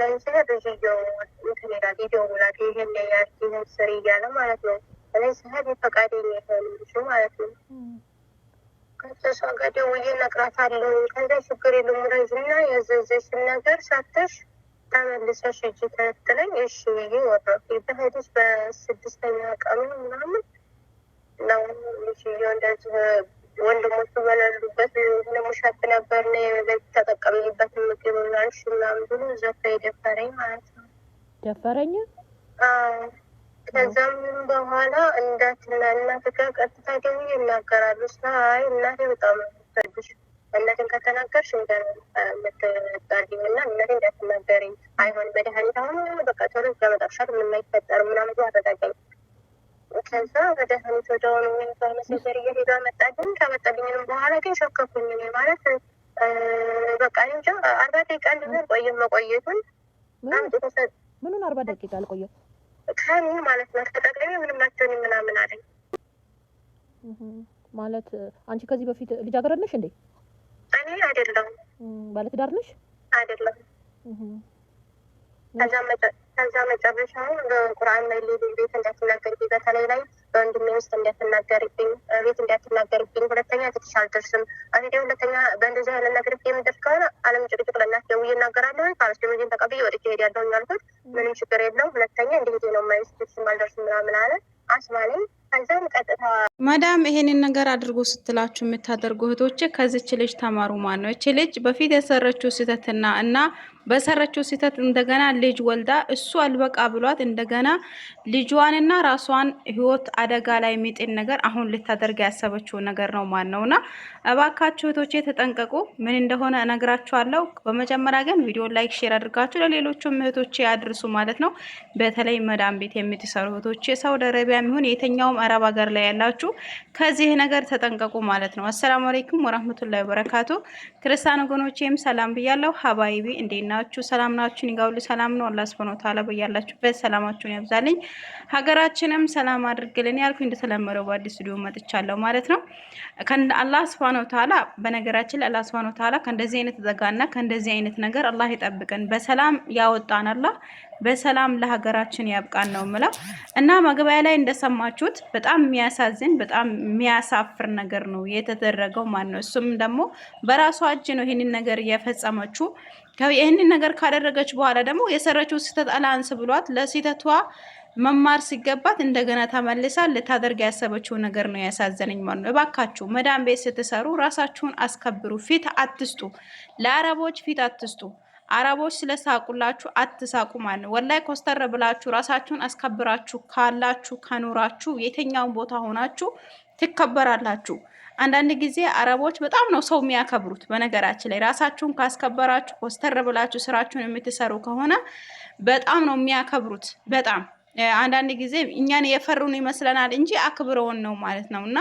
ራይን ስሄድ እዚያው ይላል ይደውላል። ይሄን ያያል ይሄን ስር እያለ ማለት ነው። እኔ ስሄድ የሆኑ ልጅ ማለት ነው። ከሷ ጋር ደውዬ እነግራታለሁ። ከዛ ችግር የለም ረዥና ያዘዘሽን ነገር ሳተሽ ተመልሰሽ እጅ ተነጥለኝ እሺ ብዬ ወረኩ። በሄድሽ በስድስተኛ ቀኑ ምናምን ነው ልጅየው እንደዚህ ወንድሞቹ በሌሉበት ለሙሸት ነበር ና የበግ ተጠቀምበት ምግብ ላንሽ ምናምን ብሎ ዘፈ የደፈረኝ ማለት ነው። ደፈረኝ። ከዛም በኋላ እናትና እናት ጋር ቀጥታ ደግሞ ይናገራሉ። ሳይ እናቴ በጣም ሰዱሽ እናቴን ከተናገርሽ እንደምታመጣልኝ እና እናቴ እንዳትናገርኝ አይሆን መድኃኒት አሁን በቃ ቶሎ ለመጠርሻል ምንም አይፈጠርም ምናምን አረጋጋኝ ከዛ ወደ ህኑት ወደ ሆኑ በመሰገር እየሄዱ አመጣልኝ። ከመጣልኝም በኋላ ግን ሸከኩኝ ማለት በቃ እንጃ አርባ ደቂቃ እንደሆነ ቆየ መቆየቱን ምኑን አርባ ደቂቃ አልቆየ ከኒ ማለት ነው ተጠቅለሚ ምንም አቸውን ምናምን አለኝ ማለት አንቺ ከዚህ በፊት ልጃገረድ ነሽ እንዴ? እኔ አይደለሁም። ባለትዳር ነሽ? አይደለሁም። ከዛ መጠ ከዛ መጨረሻው በቁርአን ላይ ሌሉ ቤት እንዳትናገርብኝ፣ በተለይ ላይ በወንድሜ ውስጥ እንዳትናገርብኝ፣ ቤት እንዳትናገርብኝ፣ ሁለተኛ ትትሽ አልደርስም አፊዴ ሁለተኛ በእንደዚህ አይነት ነገር የምደርስ ከሆነ አለም ጭቅጭቅ ለእናት ደውዬ እናገራለሁ። ካልስ ደሞዜን ተቀብዬ ወጥቼ እሄዳለሁ ያልኩት ምንም ችግር የለው። ሁለተኛ እንዲህ ነው ማይስ ትትሽም አልደርስም ምናምን አለ አስማለኝ። ከዛም ቀጥታ ማዳም ይሄንን ነገር አድርጎ ስትላችሁ የምታደርጉ እህቶች ከዚች ልጅ ተማሩ። ማን ነው እቺ ልጅ በፊት የሰረችው ስህተትና እና በሰረችው ስህተት እንደገና ልጅ ወልዳ እሱ አልበቃ ብሏት እንደገና ልጇንና ራሷን ህይወት አደጋ ላይ የሚጤን ነገር አሁን ልታደርግ ያሰበችው ነገር ነው። ማን ነው ነውና እባካችሁ እህቶቼ ተጠንቀቁ። ምን እንደሆነ እነግራችኋለሁ። በመጀመሪያ ግን ቪዲዮ ላይክ፣ ሼር አድርጋችሁ ለሌሎቹም እህቶቼ አድርሱ ማለት ነው። በተለይ መዳም ቤት የምትሰሩ እህቶቼ ሳውዲ አረቢያ የሚሆን የትኛውም አረብ ሀገር ላይ ያላችሁ ከዚህ ነገር ተጠንቀቁ ማለት ነው። አሰላሙ አለይኩም ወራህመቱላሂ ወበረካቱ። ክርስቲያን ወገኖቼም ሰላም ብያለሁ። ሀባይቢ እንዴና ናችሁ? ሰላም ናችሁ? ይጋውል ሰላም ነው። አላህ ሱብሐነሁ ወተዓላ በያላችሁበት ሰላማችሁን ያብዛልኝ፣ ሀገራችንም ሰላም አድርግልን ያልኩኝ እንደተለመደው በአዲስ ስቱዲዮ መጥቻለሁ ማለት ነው። አላህ ሱብሐነሁ ወተዓላ በነገራችን ላይ አላህ ሱብሐነሁ ወተዓላ ከእንደዚህ አይነት ዘጋና ከእንደዚህ አይነት ነገር አላህ ይጠብቀን፣ በሰላም ያወጣን አላህ በሰላም ለሀገራችን ያብቃን ነው ምለው እና መግቢያ ላይ እንደሰማችሁት በጣም የሚያሳዝን በጣም የሚያሳፍር ነገር ነው የተደረገው ማለት ነው። እሱም ደግሞ በራሷ እጅ ነው ይህንን ነገር እየፈጸመችው። ይህንን ነገር ካደረገች በኋላ ደግሞ የሰረችው ስህተት አላንስ ብሏት ለስህተቷ መማር ሲገባት እንደገና ተመልሳ ልታደርግ ያሰበችው ነገር ነው ያሳዘነኝ ማለት ነው። እባካችሁ መዳም ቤት ስትሰሩ ራሳችሁን አስከብሩ፣ ፊት አትስጡ፣ ለአረቦች ፊት አትስጡ። አረቦች ስለሳቁላችሁ አትሳቁ ማን ነው። ወላይ ኮስተር ብላችሁ ራሳችሁን አስከብራችሁ ካላችሁ ከኖራችሁ የትኛውን ቦታ ሆናችሁ ትከበራላችሁ። አንዳንድ ጊዜ አረቦች በጣም ነው ሰው የሚያከብሩት። በነገራችን ላይ ራሳችሁን ካስከበራችሁ ኮስተር ብላችሁ ስራችሁን የምትሰሩ ከሆነ በጣም ነው የሚያከብሩት በጣም አንዳንድ ጊዜ እኛን የፈሩን ይመስለናል እንጂ አክብረውን ነው ማለት ነው። እና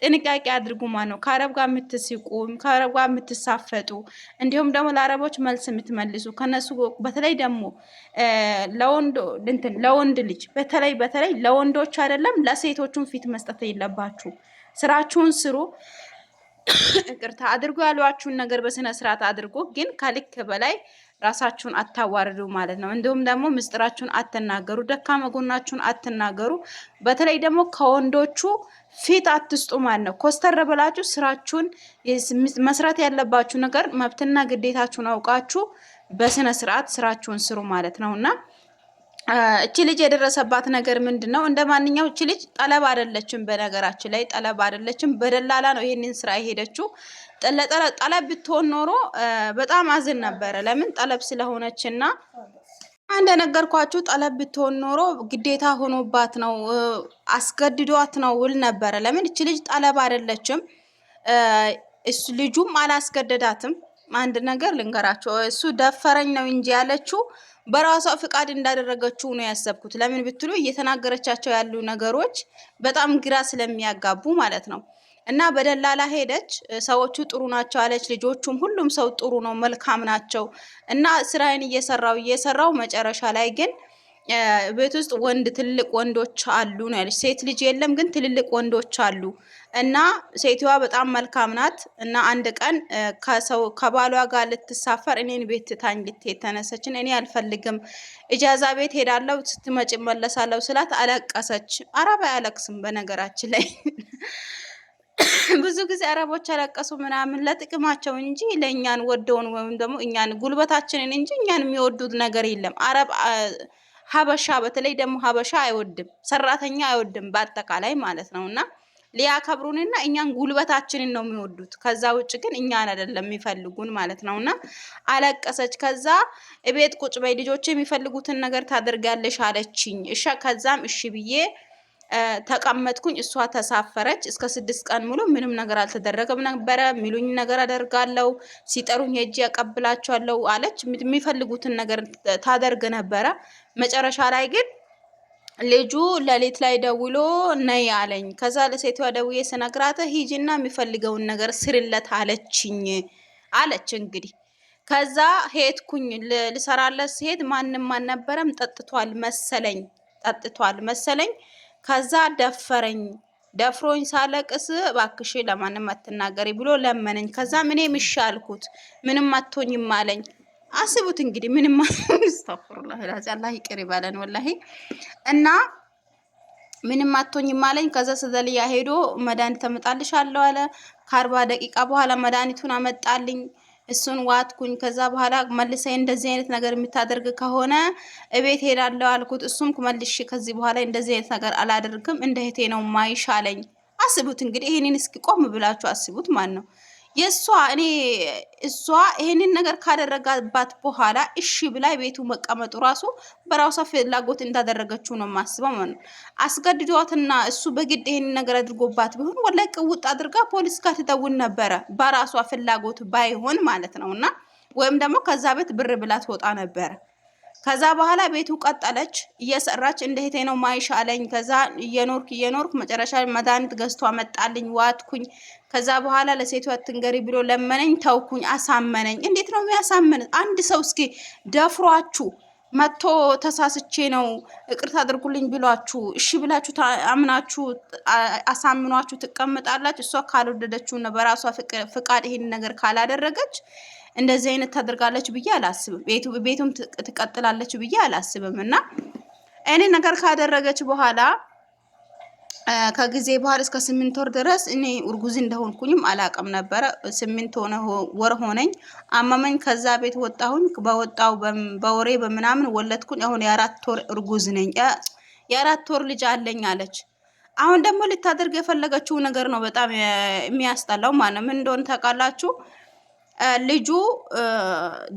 ጥንቃቄ አድርጉ ማለት ነው። ከአረብ ጋር የምትስቁ፣ ከአረብ ጋር የምትሳፈጡ፣ እንዲሁም ደግሞ ለአረቦች መልስ የምትመልሱ ከነሱ በተለይ ደግሞ ለወንድ ልጅ በተለይ በተለይ ለወንዶች አይደለም ለሴቶቹን ፊት መስጠት የለባችሁ። ስራችሁን ስሩ። ይቅርታ አድርጎ ያሏችሁን ነገር በስነ ስርዓት አድርጎ ግን ከልክ በላይ ራሳችሁን አታዋርዱ ማለት ነው። እንዲሁም ደግሞ ምስጢራችሁን አትናገሩ፣ ደካማ ጎናችሁን አትናገሩ። በተለይ ደግሞ ከወንዶቹ ፊት አትስጡ ማለት ነው። ኮስተር ብላችሁ ስራችሁን መስራት ያለባችሁ ነገር መብትና ግዴታችሁን አውቃችሁ በስነ ስርዓት ስራችሁን ስሩ ማለት ነው እና እቺ ልጅ የደረሰባት ነገር ምንድን ነው? እንደ ማንኛው እቺ ልጅ ጠለብ አይደለችም። በነገራችን ላይ ጠለብ አይደለችም፣ በደላላ ነው ይሄንን ስራ የሄደችው። ጠለብ ብትሆን ኖሮ በጣም አዝን ነበረ። ለምን ጠለብ ስለሆነች እና እንደነገርኳችሁ ጠለብ ብትሆን ኖሮ ግዴታ ሆኖባት ነው፣ አስገድዷት ነው ውል ነበረ። ለምን እቺ ልጅ ጠለብ አይደለችም፣ ልጁም አላስገደዳትም። አንድ ነገር ልንገራቸው። እሱ ደፈረኝ ነው እንጂ ያለችው በራሷ ፍቃድ እንዳደረገችው ነው ያሰብኩት። ለምን ብትሉ እየተናገረቻቸው ያሉ ነገሮች በጣም ግራ ስለሚያጋቡ ማለት ነው። እና በደላላ ሄደች። ሰዎቹ ጥሩ ናቸው አለች። ልጆቹም ሁሉም ሰው ጥሩ ነው፣ መልካም ናቸው። እና ስራዬን እየሰራው እየሰራው መጨረሻ ላይ ግን ቤት ውስጥ ወንድ ትልቅ ወንዶች አሉ ነው ያለች። ሴት ልጅ የለም ግን ትልልቅ ወንዶች አሉ እና ሴትዋ በጣም መልካም ናት እና አንድ ቀን ከሰው ከባሏ ጋር ልትሳፈር እኔን ቤት ትታኝ ልትሄድ ተነሰችን። እኔ አልፈልግም እጃዛ ቤት ሄዳለሁ ስትመጭ መለሳለሁ ስላት አለቀሰች። አረብ አያለቅስም በነገራችን ላይ ብዙ ጊዜ አረቦች አለቀሱ ምናምን ለጥቅማቸው እንጂ ለእኛን ወደውን ወይም ደግሞ እኛን ጉልበታችንን እንጂ እኛን የሚወዱት ነገር የለም አረብ ሀበሻ በተለይ ደግሞ ሀበሻ አይወድም፣ ሰራተኛ አይወድም በአጠቃላይ ማለት ነው እና ሊያከብሩንና እኛን ጉልበታችንን ነው የሚወዱት። ከዛ ውጭ ግን እኛን አይደለም የሚፈልጉን ማለት ነው እና አለቀሰች። ከዛ እቤት ቁጭ በይ ልጆች የሚፈልጉትን ነገር ታደርጋለሽ አለችኝ። እሻ ከዛም እሺ ብዬ ተቀመጥኩኝ፣ እሷ ተሳፈረች። እስከ ስድስት ቀን ሙሉ ምንም ነገር አልተደረገም ነበረ። ሚሉኝ ነገር አደርጋለው፣ ሲጠሩኝ ሄጄ ያቀብላቸዋለው አለች። የሚፈልጉትን ነገር ታደርግ ነበረ። መጨረሻ ላይ ግን ልጁ ሌሊት ላይ ደውሎ ነይ አለኝ። ከዛ ለሴቷ ደውዬ ስነግራት ሂጂና የሚፈልገውን ነገር ስርለት አለችኝ አለች እንግዲህ ከዛ ሄድኩኝ ልሰራለት ስሄድ ማንም አልነበረም። ጠጥቷል መሰለኝ ጠጥቷል መሰለኝ ከዛ ደፈረኝ ደፍሮኝ ሳለቅስ እባክሽ ለማንም አትናገሪ ብሎ ለመነኝ። ከዛ ምን ምሽ ምንም አትሆኝም አለኝ። አስቡት እንግዲህ ምንም አስተፍሩላህ አላህ ይቅር ይበለን ወላሂ እና ምንም አትሆኝም አለኝ። ከዛ ስዘልያ ሄዶ መድኃኒት ተመጣልሽ አለ። ከአርባ ደቂቃ በኋላ መድኃኒቱን አመጣልኝ። እሱን ዋትኩኝ። ከዛ በኋላ መልሰ እንደዚህ አይነት ነገር የምታደርግ ከሆነ እቤት ሄዳለሁ አልኩት። እሱም መልሽ ከዚህ በኋላ እንደዚህ አይነት ነገር አላደርግም እንደ እህቴ ነው ማይሻለኝ። አስቡት እንግዲህ ይህንን እስኪ ቆም ብላችሁ አስቡት። ማን ነው የእሷ እኔ እሷ ይሄንን ነገር ካደረጋባት በኋላ እሺ ብላ ቤቱ መቀመጡ ራሱ በራሷ ፍላጎት እንዳደረገችው ነው የማስበው ማለት ነው። አስገድዷትና እሱ በግድ ይሄንን ነገር አድርጎባት ቢሆን ወላይ ቅውጥ አድርጋ ፖሊስ ጋር ትደውል ነበረ፣ በራሷ ፍላጎት ባይሆን ማለት ነው እና ወይም ደግሞ ከዛ ቤት ብር ብላ ትወጣ ነበረ። ከዛ በኋላ ቤቱ ቀጠለች እየሰራች እንደ ሄቴ ነው ማይሻለኝ። ከዛ እየኖርክ እየኖርክ መጨረሻ መድኃኒት ገዝቶ አመጣልኝ፣ ዋትኩኝ። ከዛ በኋላ ለሴቷ አትንገሪ ብሎ ለመነኝ፣ ተውኩኝ። አሳመነኝ። እንዴት ነው የሚያሳምን አንድ ሰው? እስኪ ደፍሯችሁ መጥቶ ተሳስቼ ነው እቅር አድርጉልኝ ብሏችሁ እሺ ብላችሁ አምናችሁ አሳምኗችሁ ትቀምጣላችሁ። እሷ ካልወደደችውና በራሷ ፍቃድ ይሄን ነገር ካላደረገች እንደዚህ አይነት ታደርጋለች ብዬ አላስብም። ቤቱም ትቀጥላለች ብዬ አላስብም። እና እኔ ነገር ካደረገች በኋላ ከጊዜ በኋላ እስከ ስምንት ወር ድረስ እኔ እርጉዝ እንደሆንኩኝም አላቅም ነበረ። ስምንት ሆነ ወር ሆነኝ፣ አመመኝ። ከዛ ቤት ወጣሁኝ። በወጣው በወሬ በምናምን ወለድኩኝ። አሁን የአራት ወር እርጉዝ ነኝ። የአራት ወር ልጅ አለኝ አለች። አሁን ደግሞ ልታደርግ የፈለገችው ነገር ነው በጣም የሚያስጠላው። ማንም እንደሆን ታውቃላችሁ ልጁ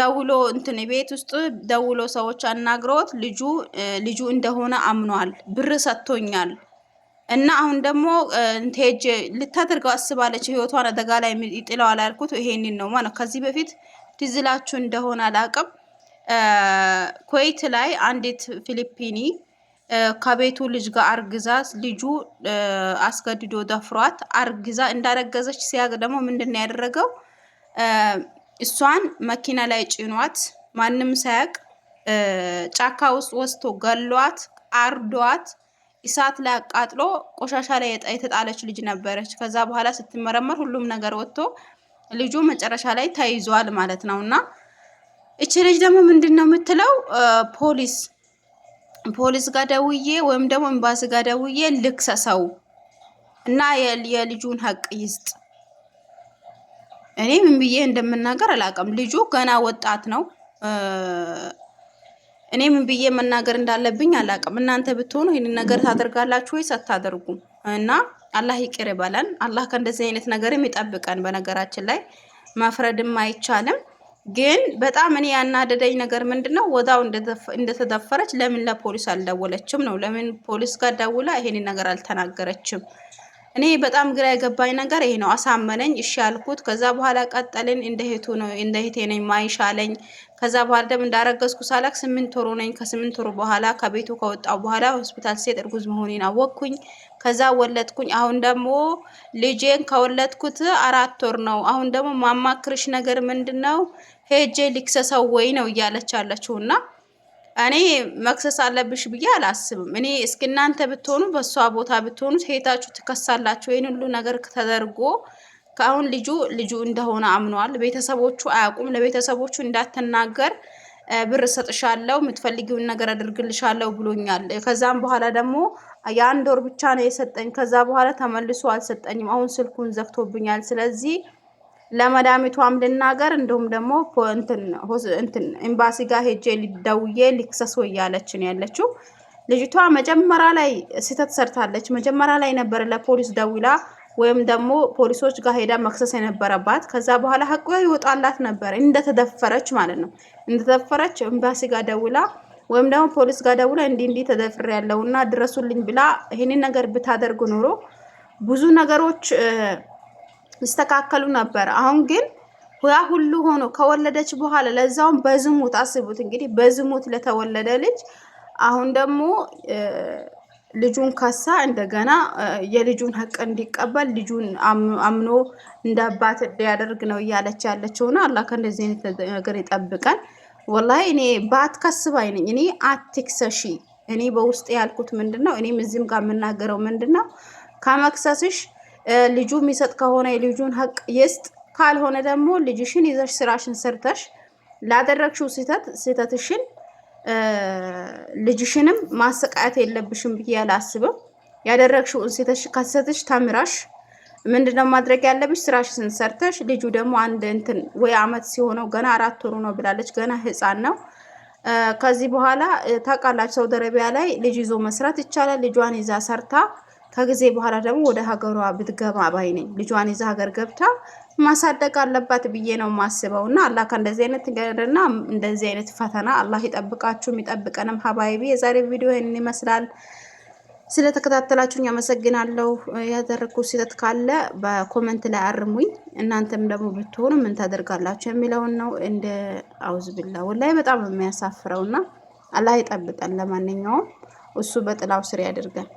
ደውሎ እንትን ቤት ውስጥ ደውሎ ሰዎች አናግረውት ልጁ ልጁ እንደሆነ አምኗል። ብር ሰጥቶኛል እና አሁን ደግሞ ሄጅ ልታደርገው አስባለች። ህይወቷን አደጋ ላይ ይጥለዋል ያልኩት ይሄንን ነው ማለት ከዚህ በፊት ትዝላችሁ እንደሆነ አላቅም። ኩዌት ላይ አንዲት ፊሊፒኒ ከቤቱ ልጅ ጋር አርግዛ ልጁ አስገድዶ ደፍሯት አርግዛ እንዳረገዘች ሲያግ ደግሞ ምንድን ነው ያደረገው እሷን መኪና ላይ ጭኗት ማንም ሳያቅ ጫካ ውስጥ ወስቶ ገሏት፣ አርዷት፣ እሳት ላይ አቃጥሎ ቆሻሻ ላይ የተጣለች ልጅ ነበረች። ከዛ በኋላ ስትመረመር ሁሉም ነገር ወጥቶ ልጁ መጨረሻ ላይ ተይዟል ማለት ነው። እና እቺ ልጅ ደግሞ ምንድን ነው የምትለው? ፖሊስ ፖሊስ ጋር ደውዬ ወይም ደግሞ ኤምባሲ ጋር ደውዬ ልክሰሰው እና የልጁን ሀቅ ይስጥ እኔ ምን ብዬ እንደምናገር አላውቅም። ልጁ ገና ወጣት ነው። እኔ ምን ብዬ መናገር እንዳለብኝ አላውቅም። እናንተ ብትሆኑ ይህንን ነገር ታደርጋላችሁ ወይስ አታደርጉም? እና አላህ ይቅር ይበለን። አላህ ከእንደዚህ አይነት ነገርም ይጠብቀን። በነገራችን ላይ መፍረድም አይቻልም። ግን በጣም እኔ ያናደደኝ ነገር ምንድን ነው፣ ወዳው እንደተደፈረች ለምን ለፖሊስ አልደወለችም ነው? ለምን ፖሊስ ጋር ደውላ ይሄንን ነገር አልተናገረችም? እኔ በጣም ግራ የገባኝ ነገር ይሄ ነው። አሳመነኝ፣ እሺ አልኩት። ከዛ በኋላ ቀጠልን። እንደ እህቱ ነው እንደ እህቴ ነኝ ማይሻለኝ። ከዛ በኋላ ደግሞ እንዳረገዝኩ ሳላክ ስምንት ወሩ ነኝ። ከስምንት ወሩ በኋላ ከቤቱ ከወጣው በኋላ ሆስፒታል ሴት እርጉዝ መሆኔን አወቅኩኝ። ከዛ ወለድኩኝ። አሁን ደግሞ ልጄን ከወለድኩት አራት ወር ነው። አሁን ደግሞ ማማክርሽ ነገር ምንድን ነው? ሄጄ ልክሰሰው ወይ ነው እያለች ያለችውና እኔ መክሰስ አለብሽ ብዬ አላስብም። እኔ እስኪ እናንተ ብትሆኑ በእሷ ቦታ ብትሆኑ ሄታችሁ ትከሳላችሁ። ይህን ሁሉ ነገር ተደርጎ ከአሁን ልጁ ልጁ እንደሆነ አምኗል። ቤተሰቦቹ አያውቁም። ለቤተሰቦቹ እንዳትናገር ብር እሰጥሻለሁ፣ የምትፈልጊውን ነገር አድርግልሻለሁ ብሎኛል። ከዛም በኋላ ደግሞ የአንድ ወር ብቻ ነው የሰጠኝ። ከዛ በኋላ ተመልሶ አልሰጠኝም። አሁን ስልኩን ዘግቶብኛል። ስለዚህ ለመዳሚቷም ልናገር እንዲሁም ደግሞ ኤምባሲ ጋር ሄጄ ደውዬ ሊክሰስ ወያለች ያለችው። ልጅቷ መጀመሪያ ላይ ስህተት ሰርታለች። መጀመሪያ ላይ ነበረ ለፖሊስ ደውላ ወይም ደግሞ ፖሊሶች ጋር ሄዳ መክሰስ የነበረባት። ከዛ በኋላ ህቁ ይወጣላት ነበር እንደተደፈረች ማለት ነው። እንደተደፈረች ኤምባሲ ጋር ደውላ ወይም ደግሞ ፖሊስ ጋር ደውላ እንዲህ እንዲህ ያለው እና ድረሱልኝ ብላ ይህንን ነገር ብታደርግ ኖሮ ብዙ ነገሮች ይስተካከሉ ነበር። አሁን ግን ያ ሁሉ ሆኖ ከወለደች በኋላ ለዛውም በዝሙት አስቡት እንግዲህ በዝሙት ለተወለደ ልጅ አሁን ደግሞ ልጁን ከሳ እንደገና የልጁን ሀቅ እንዲቀበል ልጁን አምኖ እንደ አባት እንዲያደርግ ነው እያለች ያለችው ነው። አላህ ከእንደዚህ አይነት ነገር ይጠብቀን። ወላሂ እኔ ባትከስ ከስባይ ነኝ። እኔ አትክሰሺ። እኔ በውስጥ ያልኩት ምንድን ነው? እኔም እዚህም ጋር የምናገረው ምንድን ነው ከመክሰስሽ ልጁ የሚሰጥ ከሆነ የልጁን ሀቅ ይስጥ፣ ካልሆነ ደግሞ ልጅሽን ይዘሽ ስራሽን ሰርተሽ ላደረግሽው ስህተት ስህተትሽን ልጅሽንም ማሰቃየት የለብሽም ብዬ አላስብም። ያደረግሽውን ከስህተትሽ ተምራሽ ምንድነው ማድረግ ያለብሽ? ስራሽን ሰርተሽ። ልጁ ደግሞ አንድ እንትን ወይ አመት ሲሆነው ገና አራት ወሩ ነው ብላለች። ገና ህፃን ነው። ከዚህ በኋላ ታውቃላችሁ፣ ሳውዲ አረቢያ ላይ ልጅ ይዞ መስራት ይቻላል። ልጇን ይዛ ሰርታ ከጊዜ በኋላ ደግሞ ወደ ሀገሯ ብትገባ ባይ ነኝ። ልጇን ይዛ ሀገር ገብታ ማሳደግ አለባት ብዬ ነው ማስበው። እና አላህ ከእንደዚህ አይነት ገርና እንደዚህ አይነት ፈተና አላህ ይጠብቃችሁ የሚጠብቀንም ሀባይቢ። የዛሬ ቪዲዮ ይህንን ይመስላል። ስለተከታተላችሁኝ አመሰግናለሁ። ያደረግኩ ስህተት ካለ በኮመንት ላይ አርሙኝ። እናንተም ደግሞ ብትሆኑ ምን ታደርጋላችሁ የሚለውን ነው። እንደ አውዝብላ ወላሂ በጣም የሚያሳፍረውና አላህ ይጠብቀን። ለማንኛውም እሱ በጥላው ስር ያድርገን።